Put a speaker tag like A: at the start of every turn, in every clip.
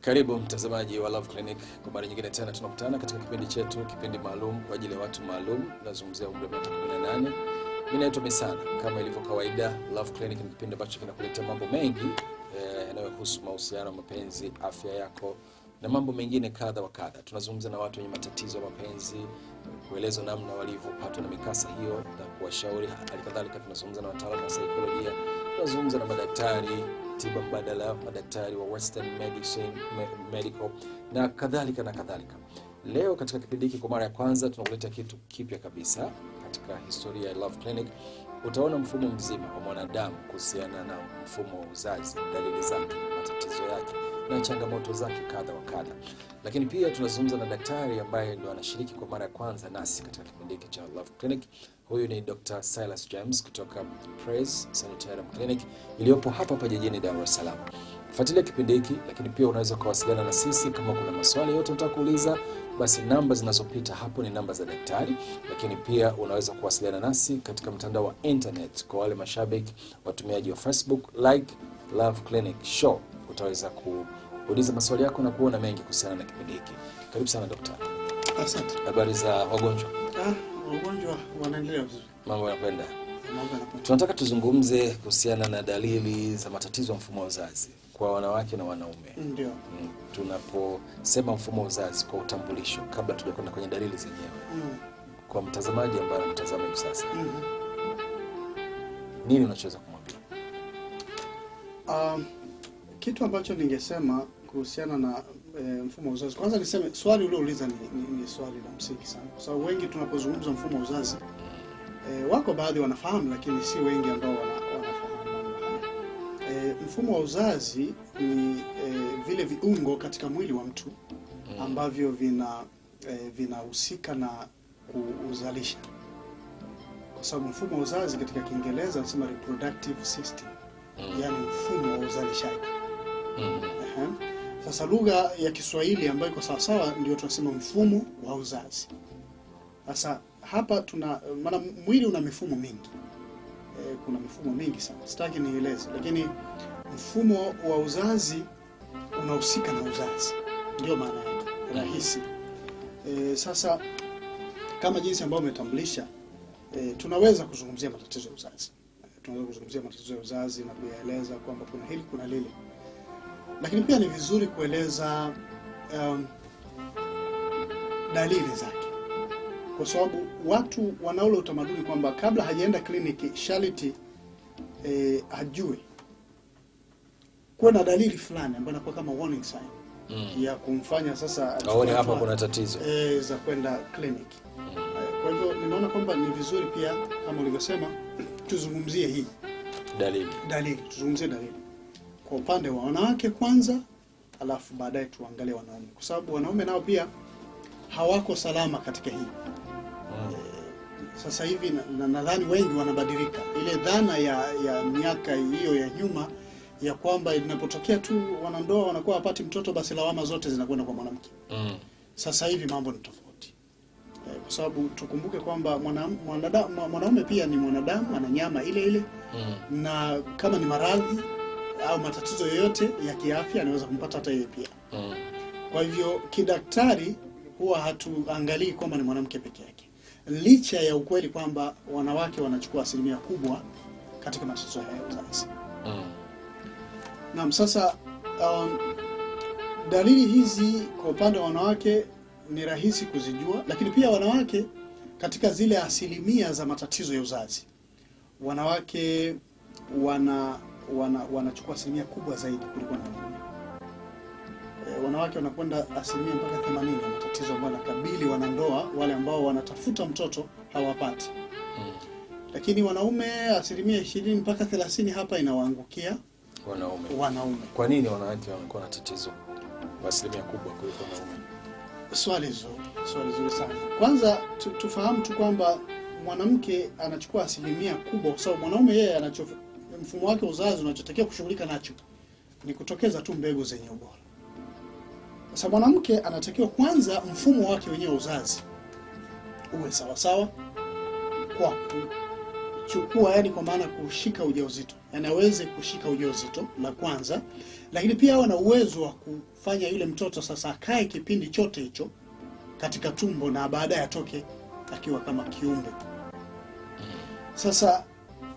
A: Karibu mtazamaji wa Love Clinic kwa mara nyingine tena, tunakutana katika kipindi chetu, kipindi maalum kwa ajili ya watu maalum. Tunazungumzia umri wa miaka 18. Mimi naitwa Misana. Kama ilivyo kawaida, Love Clinic ni kipindi ambacho kinakuletea mambo mengi eh, yanayohusu eh, mahusiano, mapenzi, afya yako na mambo mengine kadha wa kadha. Tunazungumza na watu wenye matatizo ya mapenzi, kueleza namna walivyopatwa na mikasa hiyo na kuwashauri. Halikadhalika tunazungumza na wataalamu wa saikolojia, tunazungumza na madaktari tiba mbadala, madaktari wa Western Medicine, medical na kadhalika na kadhalika. Leo katika kipindi hiki kwa mara ya kwanza tunakuleta kitu kipya kabisa katika historia ya Love Clinic. Utaona mfumo mzima wa mwanadamu kuhusiana na mfumo wa uzazi, dalili zake, matatizo yake na changamoto zake kadha wa kadha, lakini pia tunazungumza na daktari ambaye ndo anashiriki kwa mara ya kwanza nasi katika kipindi hiki cha Love Clinic. Huyu ni Dr. Silas James kutoka Praise Sanitarium Clinic iliyopo hapa hapa jijini Dar es Salaam. Fuatilia kipindi hiki, lakini pia unaweza ukawasiliana na sisi kama kuna maswali yote unataka basi namba zinazopita hapo ni namba za daktari, lakini pia unaweza kuwasiliana nasi katika mtandao wa internet. Kwa wale mashabiki watumiaji wa Facebook, like Love Clinic Show utaweza kuuliza maswali yako na kuona mengi kuhusiana na kipindi hiki. Karibu sana daktari. Asante. Habari za wagonjwa?
B: Ah, wagonjwa wanaendelea vizuri.
A: Mambo yanakwenda. Tunataka tuzungumze kuhusiana na dalili za matatizo ya mfumo wa uzazi kwa wanawake na wanaume.
B: Ndio. Mm,
A: tunaposema mfumo wa uzazi kwa utambulisho, kabla tujakwenda kwenye dalili zenyewe. Mm. Kwa mtazamaji ambaye anatazama hivi sasa. Mm -hmm. Nini unachoweza kumwambia?
B: Um, kitu ambacho ningesema kuhusiana na e, mfumo wa uzazi, kwanza niseme swali uliouliza ni, ni, ni swali la msingi sana, kwa sababu wengi tunapozungumza mfumo wa uzazi e, wako baadhi wanafahamu, lakini si wengi ambao wana, wanafahamu e, mfumo wa uzazi ni e, vile viungo katika mwili wa mtu ambavyo vina e, vinahusika na kuuzalisha, kwa sababu mfumo wa uzazi katika Kiingereza anasema reproductive system, yani mfumo wa uzalishaji sasa lugha ya Kiswahili ambayo iko sawasawa ndio tunasema mfumo wa uzazi. Sasa hapa tuna maana mwili una mifumo mingi e, kuna mifumo mingi sana, sitaki nieleze, lakini mfumo wa uzazi unahusika na uzazi, ndio maana yake rahisi. E, sasa kama jinsi ambayo umetambulisha e, tunaweza kuzungumzia matatizo ya uzazi tunaweza kuzungumzia matatizo ya uzazi na kuyaeleza kwamba kuna hili kuna lile lakini pia ni vizuri kueleza um, dalili zake, kwa sababu watu wanaule utamaduni kwamba kabla hajaenda kliniki shaliti e, eh, ajue kuwe na dalili fulani ambayo inakuwa kama warning sign mm. ya kumfanya sasa
A: aone hapa kuna tatizo
B: e, za kwenda kliniki mm. Eh, kwa hivyo nimeona kwamba ni vizuri pia kama ulivyosema tuzungumzie hii dalili dalili, tuzungumzie dalili kwa upande wa wanawake kwanza, alafu baadaye tuangalie wanaume, kwa sababu wanaume nao pia hawako salama katika hii eh, sasa hivi nadhani na, wengi wanabadilika. Ile dhana ya, ya miaka hiyo ya nyuma ya kwamba inapotokea tu wanandoa wanakuwa wapati mtoto, basi lawama zote zinakwenda kwa mwanamke mm. Sasa hivi mambo ni tofauti e, kwa sababu tukumbuke kwamba mwanaume pia ni mwanadamu, ana nyama ile ile mm. na kama ni maradhi au matatizo yoyote ya kiafya anaweza kumpata hata yeye pia. Mm. Kwa hivyo kidaktari huwa hatuangalii kwamba ni mwanamke peke yake, licha ya ukweli kwamba wanawake wanachukua asilimia kubwa katika matatizo haya ya uzazi. Mm. Naam, sasa um, dalili hizi kwa upande wa wanawake ni rahisi kuzijua, lakini pia wanawake katika zile asilimia za matatizo ya uzazi, wanawake wana wana, wanachukua asilimia kubwa zaidi kuliko na wanaume. E, eh, wanawake wanakwenda asilimia mpaka 80 ya matatizo ambayo wanakabili wanandoa wale ambao wanatafuta mtoto hawapati. Hmm. Lakini wanaume asilimia 20 mpaka 30 hapa inawaangukia wanaume. Wanaume.
A: Kwa nini wanawake wanakuwa na tatizo asilimia kubwa kuliko wanaume?
B: Swali zuri, swali zuri sana. Kwanza tu, tufahamu tu kwamba mwanamke anachukua asilimia kubwa kwa sababu mwanaume yeye anachofanya mfumo wake uzazi unachotakiwa kushughulika nacho ni kutokeza tu mbegu zenye ubora. Sasa mwanamke anatakiwa kwanza mfumo wake wenyewe uzazi uwe sawasawa kwa kuchukua, yani kwa maana kushika ujauzito, yani aweze kushika ujauzito la kwanza, lakini pia awe na uwezo wa kufanya yule mtoto sasa akae kipindi chote hicho katika tumbo na baadaye atoke akiwa kama kiumbe. Sasa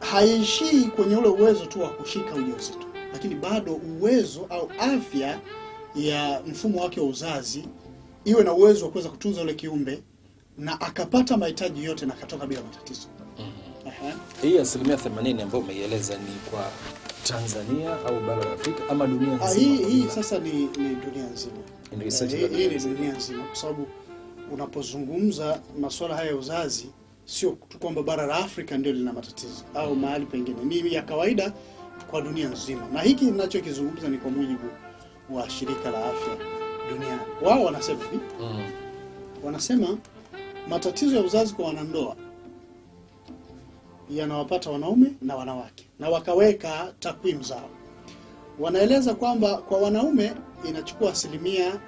B: haishii kwenye ule uwezo tu wa kushika ujauzito, lakini bado uwezo au afya ya mfumo wake wa uzazi iwe na uwezo wa kuweza kutunza ule kiumbe na akapata mahitaji yote na akatoka bila matatizo. Mhm.
A: Hii asilimia 80 ambayo umeieleza ni kwa Tanzania au bara la Afrika ama dunia
B: ah, nzima? Hii hii sasa ni, ni dunia nzima. Eh, hii ni dunia nzima kwa sababu unapozungumza masuala haya ya uzazi sio tu kwamba bara la Afrika ndio lina matatizo au mm. mahali pengine, ni ya kawaida kwa dunia nzima, na hiki ninachokizungumza ni kwa mujibu wa shirika la afya duniani. Wao wanasema hivi mm. wanasema matatizo ya uzazi kwa wanandoa yanawapata wanaume na wanawake, na wakaweka takwimu zao. Wanaeleza kwamba kwa wanaume inachukua asilimia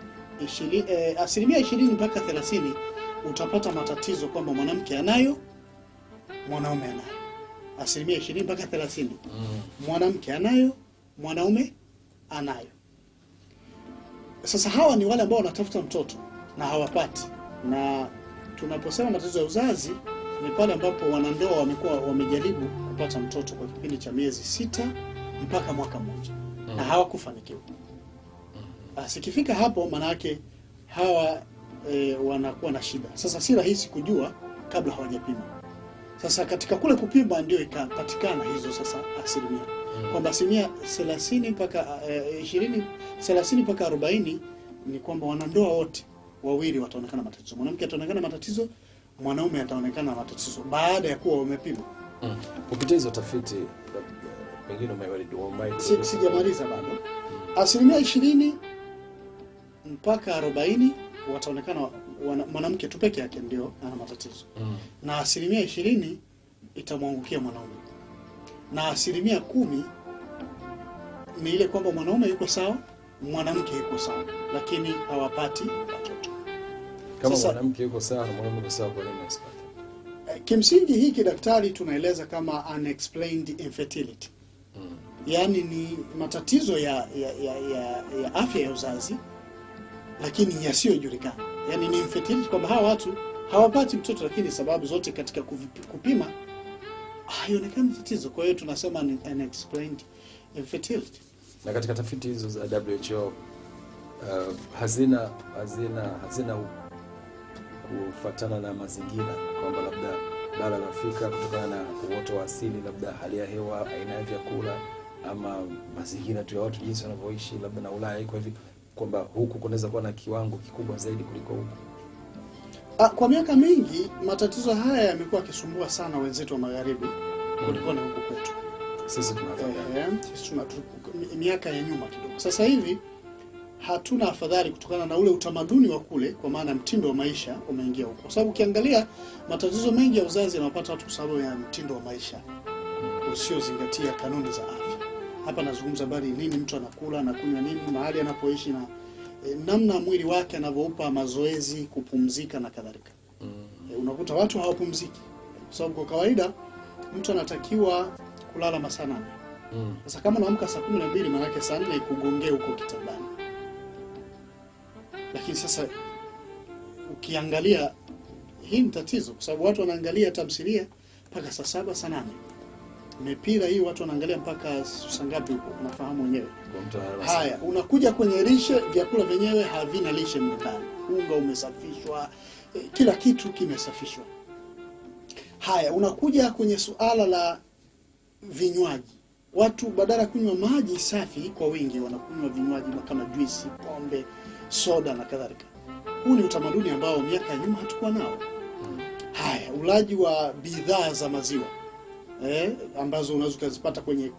B: ishirini, eh, asilimia ishirini mpaka thelathini utapata matatizo kwamba mwanamke anayo, mwanaume anayo asilimia ishirini mpaka thelathini mm. mwanamke anayo, mwanaume anayo. Sasa hawa ni wale ambao wanatafuta mtoto na hawapati, na tunaposema matatizo ya uzazi ni pale ambapo wanandoa wamekuwa wamejaribu kupata mtoto kwa kipindi cha miezi sita mpaka mwaka mmoja na mm. hawakufanikiwa. Mm. Sikifika hapo, maana hawa e, wanakuwa na shida. Sasa si rahisi kujua kabla hawajapima. Sasa katika kule kupima ndio ikapatikana hizo sasa asilimia mm. kwamba asilimia 30 mpaka e, 20 30 mpaka 40 ni kwamba wanandoa wote wawili wataonekana matatizo. Mwanamke ataonekana matatizo, mwanaume ataonekana matatizo baada ya kuwa wamepima. Mm.
A: Kupitia hizo tafiti pengine
B: sijamaliza bado. Asilimia 20 mpaka 40 wataonekana mwanamke tu peke yake ndio ana matatizo mm. na asilimia ishirini itamwangukia mwanaume na asilimia kumi ni ile kwamba mwanaume yuko sawa, mwanamke yuko sawa, lakini hawapati watoto.
A: Kama Sasa, mwanamke yuko sawa na mwanaume sawa, kwa nini
B: eh, Kimsingi hiki daktari tunaeleza kama unexplained infertility mm. yaani ni matatizo ya, ya, ya, ya, ya afya ya uzazi lakini yasiyojulikana. Yani ni infertility kwamba hawa watu hawapati mtoto, lakini sababu zote katika kupima haionekani tatizo. Kwa hiyo tunasema ni unexplained infertility. Eh,
A: na katika tafiti hizo za WHO uh, hazina hazina hazina kufuatana na mazingira kwamba labda bara la Afrika kutokana na uoto wa asili, labda hali ya hewa, aina ya vyakula ama mazingira tu ya watu jinsi wanavyoishi, labda na Ulaya iko hivi kwamba huku kunaweza kuwa na kiwango kikubwa zaidi kuliko huku?
B: Ah, kwa miaka mingi matatizo haya yamekuwa yakisumbua sana wenzetu wa magharibi kuliko na huku kwetu.
A: Sisi tunafanya
B: miaka ya nyuma kidogo. Sasa hivi hatuna afadhali kutokana na ule utamaduni wa kule, kwa maana mtindo wa maisha umeingia huko, kwa sababu ukiangalia matatizo mengi ya uzazi yanapata watu kwa sababu ya mtindo wa maisha usiozingatia kanuni za afya hapa nazungumza habari nini mtu anakula anakunywa nini, mahali anapoishi na e, namna mwili wake anavyoupa mazoezi, kupumzika na kadhalika. Mm. E, unakuta watu hawapumziki kwa sababu kwa kawaida mtu anatakiwa kulala masaa nane. Mm. Sasa kama naamka saa kumi na mbili maana yake saa nne ikugongee huko kitandani, lakini sasa ukiangalia hii ni tatizo, kwa sababu watu wanaangalia tamthilia mpaka saa saba saa nane mipira hii watu wanaangalia mpaka sangapi huko, unafahamu wenyewe. Haya, unakuja kwenye lishe, vyakula vyenyewe havina lishe mkali, unga umesafishwa, e, kila kitu kimesafishwa. Haya, unakuja kwenye suala la vinywaji. Watu badala ya kunywa maji safi kwa wingi, wanakunywa vinywaji kama juisi, pombe, soda na kadhalika. Huu ni utamaduni ambao miaka ya nyuma hatukuwa nao. Hmm. Haya, ulaji wa bidhaa za maziwa eh, ambazo unaweza ukazipata kwenye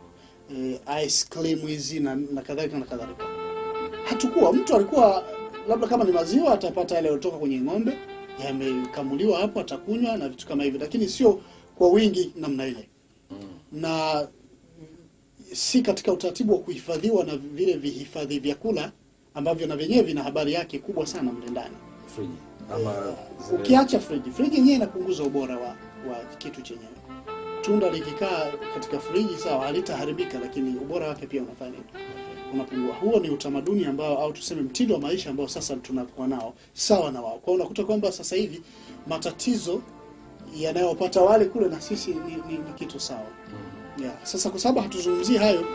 B: eh, ice cream hizi na, na kadhalika na kadhalika. Hatukuwa mtu alikuwa labda kama ni maziwa atapata yale yaliyotoka kwenye ng'ombe yamekamuliwa hapo atakunywa na vitu kama hivyo, lakini sio kwa wingi namna ile mm. na si katika utaratibu wa kuhifadhiwa na vile vihifadhi vyakula ambavyo na vyenyewe vina habari yake kubwa sana mle ndani friji ama, uh, ukiacha friji friji yenyewe inapunguza ubora wa, wa kitu chenyewe tunda likikaa katika friji sawa, halitaharibika, lakini ubora wake pia unafanya unapungua. Huo ni utamaduni ambao au tuseme mtindo wa maisha ambao sasa tunakuwa nao sawa na wao. Kwa unakuta kwamba sasa hivi matatizo yanayopata wale kule na sisi ni, ni, ni kitu sawa. Mm. Yeah. Sasa kwa sababu hatuzungumzii hayo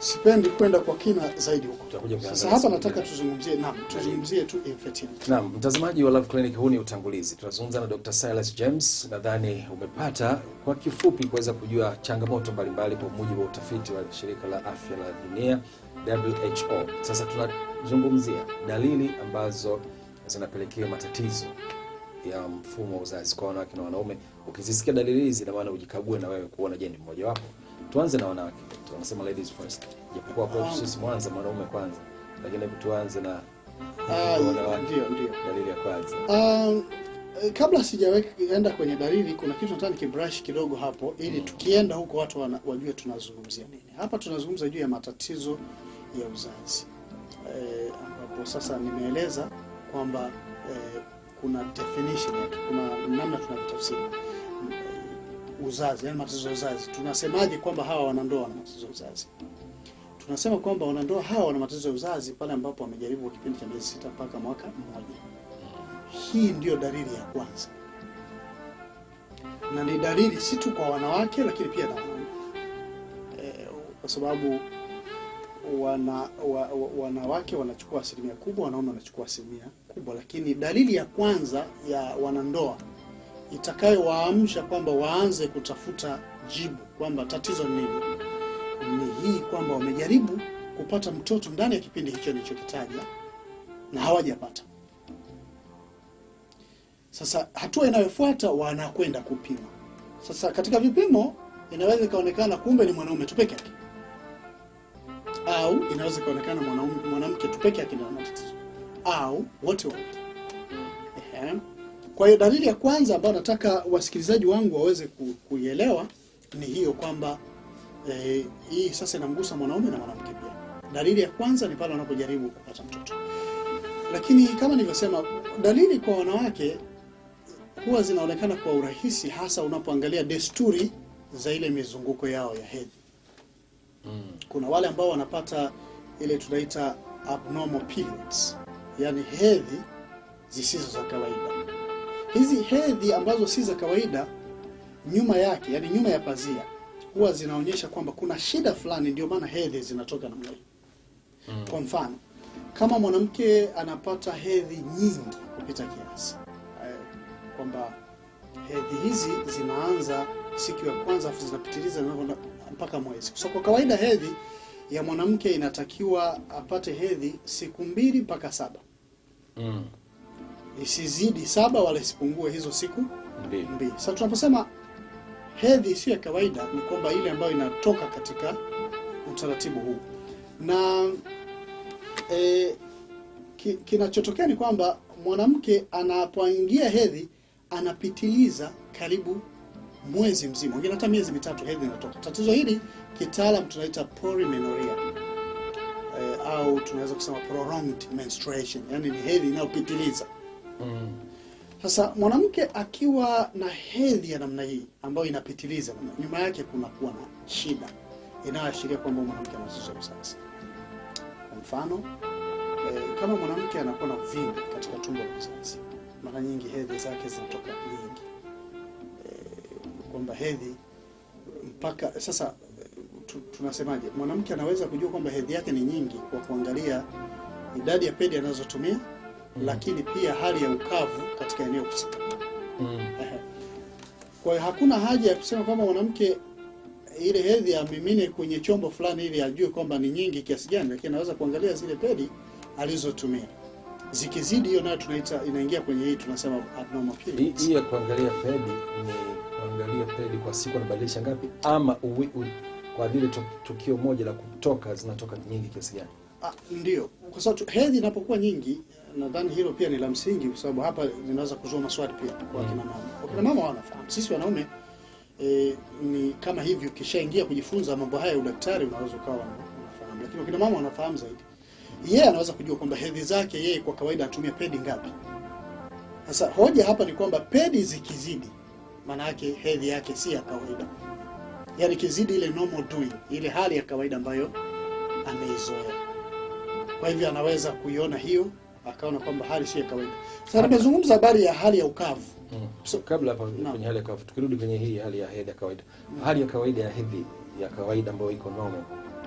B: sipendi kwenda kwa kina zaidi huko. Sasa hapa nataka tuzungumzie naam, tuzungumzie tu infertility.
A: Naam, mtazamaji wa Love Clinic, huu ni utangulizi. Tunazungumza na Dr. Silas James, nadhani umepata kwa kifupi kuweza kujua changamoto mbalimbali kwa mujibu wa utafiti wa shirika la afya la dunia WHO. Sasa tunazungumzia dalili ambazo zinapelekea matatizo ya mfumo wa uzazi kwa wanawake na wanaume. Ukizisikia dalili hizi, na maana ujikague na wewe kuona, je, ni mmojawapo Tuanze na wanawake, tunasema ladies first, japokuwa kwetu sisi Mwanza mwanaume kwanza, lakini hebu tuanze na ah, dalili ya kwanza.
B: Um, eh, kabla sijaenda kwenye dalili, kuna kitu nataka nikibrush kidogo hapo, ili mm. tukienda huko watu wana, wajue tunazungumzia nini. Hapa tunazungumza juu ya matatizo ya uzazi e, ambapo sasa nimeeleza kwamba e, kuna definition yake, kuna namna tunavyotafsiri uzazi, yani matatizo ya uzazi. Tunasemaje kwamba hawa wanandoa wana matatizo ya uzazi? Tunasema kwamba wanandoa hawa wana matatizo ya uzazi pale ambapo wamejaribu kwa kipindi cha miezi sita mpaka mwaka mmoja. Hii ndiyo dalili ya kwanza, na ni dalili si tu kwa wanawake, lakini pia na wanaume eh, kwa sababu wana, wa, wa, wanawake wanachukua asilimia kubwa, wanaume wanachukua asilimia kubwa, lakini dalili ya kwanza ya wanandoa itakayowaamsha kwamba waanze kutafuta jibu kwamba tatizo nini. Ni hii kwamba wamejaribu kupata mtoto ndani ya kipindi hicho nilichokitaja na hawajapata. Sasa hatua inayofuata wanakwenda kupima. Sasa katika vipimo inaweza ikaonekana kumbe ni mwanaume tu peke yake, au inaweza ikaonekana mwanamke tu peke yake ndio matatizo au wote wote kwa hiyo dalili ya kwanza ambayo nataka wasikilizaji wangu waweze kuielewa ni hiyo kwamba eh, hii sasa inamgusa mwanaume na mwanamke pia. Dalili ya kwanza ni pale wanapojaribu kupata mtoto, lakini kama nilivyosema, dalili kwa wanawake huwa zinaonekana kwa urahisi, hasa unapoangalia desturi za ile mizunguko yao ya hedhi. Mm. Kuna wale ambao wanapata ile tunaita abnormal periods, yani hedhi zisizo za kawaida Hizi hedhi ambazo si za kawaida, nyuma yake, yani nyuma ya pazia, huwa zinaonyesha kwamba kuna shida fulani, ndio maana hedhi zinatoka namna hii. Mm. Kwa mfano, kama mwanamke anapata hedhi nyingi kupita kiasi, eh, kwamba hedhi hizi zinaanza siku ya kwanza afu zinapitiliza mpaka mwezi. So kwa kawaida hedhi ya mwanamke inatakiwa apate hedhi siku mbili mpaka saba. Mm isizidi saba wala isipungue hizo siku mbili. Sasa tunaposema hedhi sio ya kawaida, ni kwamba ile ambayo inatoka katika utaratibu huu na e, ki, kinachotokea ni kwamba mwanamke anapoingia hedhi anapitiliza karibu mwezi mzima, wengine hata miezi mitatu hedhi inatoka. Tatizo hili kitaalam tunaita polymenorrhea e, au tunaweza kusema prolonged menstruation, yani ni hedhi inayopitiliza. Mm. Sasa mwanamke akiwa na hedhi ya namna hii ambayo inapitiliza, nyuma yake kunakuwa na shida inayoashiria kwamba mwanamke anazuza uzazi. Kwa mfano e, kama mwanamke anakuwa na uvimbi katika tumbo la uzazi, mara nyingi hedhi zake zinatoka nyingi e, kwamba hedhi mpaka sasa tu, tunasemaje, mwanamke anaweza kujua kwamba hedhi yake ni nyingi kwa kuangalia idadi ya pedi anazotumia lakini pia hali ya ukavu katika eneo husika. Mm. Kwa hiyo hakuna haja ya kusema kwamba mwanamke ile hedhi amimine kwenye chombo fulani ili ajue kwamba ni nyingi kiasi gani, lakini anaweza kuangalia zile pedi alizotumia. Zikizidi hiyo nayo tunaita inaingia kwenye hii tunasema abnormal
A: periods. Hii ya kuangalia pedi ni kuangalia pedi kwa siku anabadilisha ngapi ama uwi, uwi, kwa vile tukio moja la kutoka zinatoka nyingi kiasi gani?
B: Ah, ndio, kwa sababu hedhi inapokuwa nyingi, nadhani hilo pia ni la msingi, kwa sababu hapa zinaweza kuzua maswali pia kwa kina mama. Mm. Kwa kina mama wanafahamu, sisi wanaume e, ni kama hivi ukishaingia kujifunza mambo haya ya udaktari, unaweza ukawa unafahamu, lakini kina mama wanafahamu zaidi. Yeye yeah, anaweza kujua kwamba hedhi zake yeye kwa kawaida anatumia pedi ngapi. Sasa hoja hapa ni kwamba pedi zikizidi, maana yake hedhi yake si ya kawaida, yaani kizidi ile normal doing, ile hali ya kawaida ambayo ameizoea. Kwa hivyo anaweza kuiona hiyo akaona kwamba hali si ya kawaida. Sasa nimezungumza habari ya hali ya ukavu. Mm.
A: So, kabla hapa no. kwenye hali ya ukavu, tukirudi kwenye hii hali ya hedhi ya kawaida. Mm. Hali ya kawaida ya hedhi ya kawaida ambayo iko normal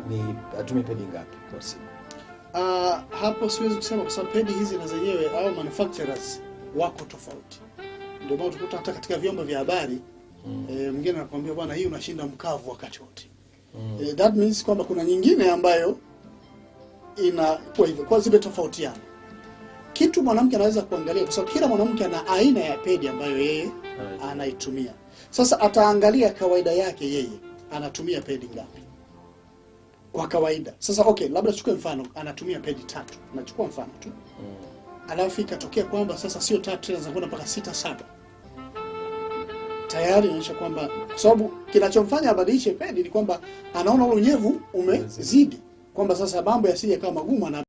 A: ni atumie pedi ngapi kwa siku?
B: Uh, hapo siwezi kusema kwa sababu pedi hizi na zenyewe au manufacturers wako tofauti. Ndio maana tukuta hata katika vyombo vya habari mm. E, mwingine anakuambia bwana, hii unashinda mkavu wakati wote. Mm. E, that means kwamba kuna nyingine ambayo inakuwa hivyo, kwa zimetofautiana. Kitu mwanamke anaweza kuangalia, kwa sababu kila mwanamke ana aina ya pedi ambayo yeye anaitumia. Sasa ataangalia kawaida yake, yeye anatumia pedi ngapi kwa kawaida. Sasa okay, labda chukue mfano, anatumia pedi tatu, nachukua mfano tu mm. alafu ikatokea kwamba sasa sio tatu tena zinakwenda mpaka sita saba, tayari inaonyesha kwamba, kwa sababu kinachomfanya abadilishe pedi ni kwamba anaona ule unyevu umezidi kwamba sasa mambo yasije kama magumu